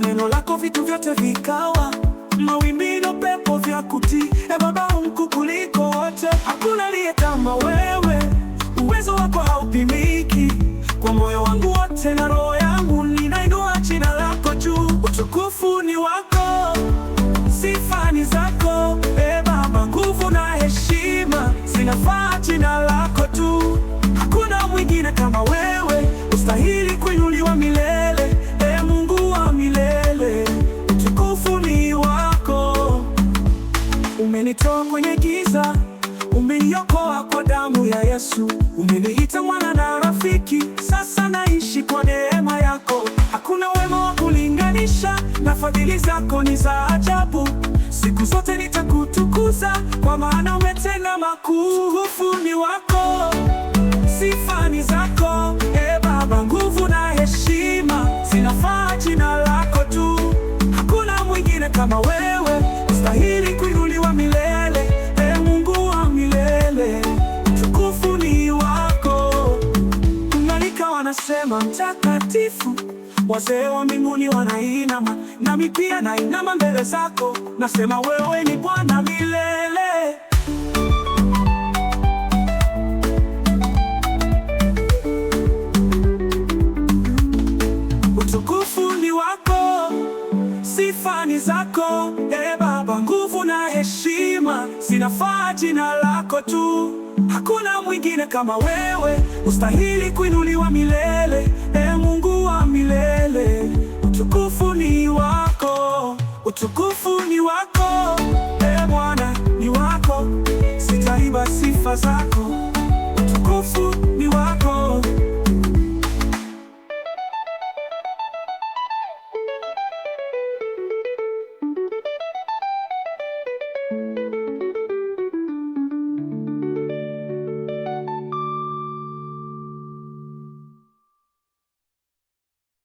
neno lako vitu vyote vikawa, mawimbi na pepo vya kutii. E Baba mkuu kuliko wote, hakuna aliye kama wewe. Uwezo wako haupimiki. Kwa moyo wangu wote na roho yangu ninainua jina lako juu. Utukufu ni wako, sifa ni zako. E Baba, nguvu na heshima zinafaa jina lako tu, hakuna mwingine kama wewe. Umenitoa kwenye giza, umeniokoa kwa damu ya Yesu. Umeniita mwana na rafiki, sasa naishi kwa neema yako. Hakuna wema wa kulinganisha, na fadhili zako ni za ajabu. Siku zote nitakutukuza, kwa maana umetenda makuu. Ni wako, sifa ni zako, e Baba. Nguvu na heshima zinafaa jina lako tu, hakuna mwingine kama wewe, ustahili anasema mtakatifu, wazee wa mbinguni wanainama, nami pia nainama mbele zako, nasema wewe ni Bwana milele. Utukufu ni wako, sifa ni zako, e Baba, nguvu na heshima zinafaa jina lako tu. Hakuna mwingine kama wewe, ustahili kuinuliwa milele. E Mungu wa milele, utukufu ni wako, utukufu ni wako. E Bwana ni wako, sitaiba sifa zako, utukufu ni wako.